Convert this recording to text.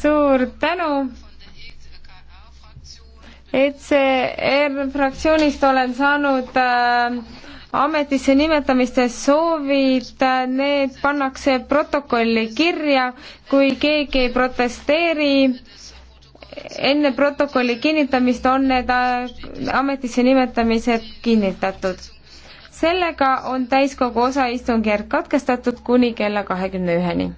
suur tänu. ECR fraktsioonist olen saanud äh, ametisse nimetamiste soovid, need pannakse protokolli kirja, kui keegi ei protesteeri, enne protokolli kinnitamist on need äh, ametisse nimetamised kinnitatud sellega on täiskogu osaistungjärk katkestatud kuni kella kahekümne üheni.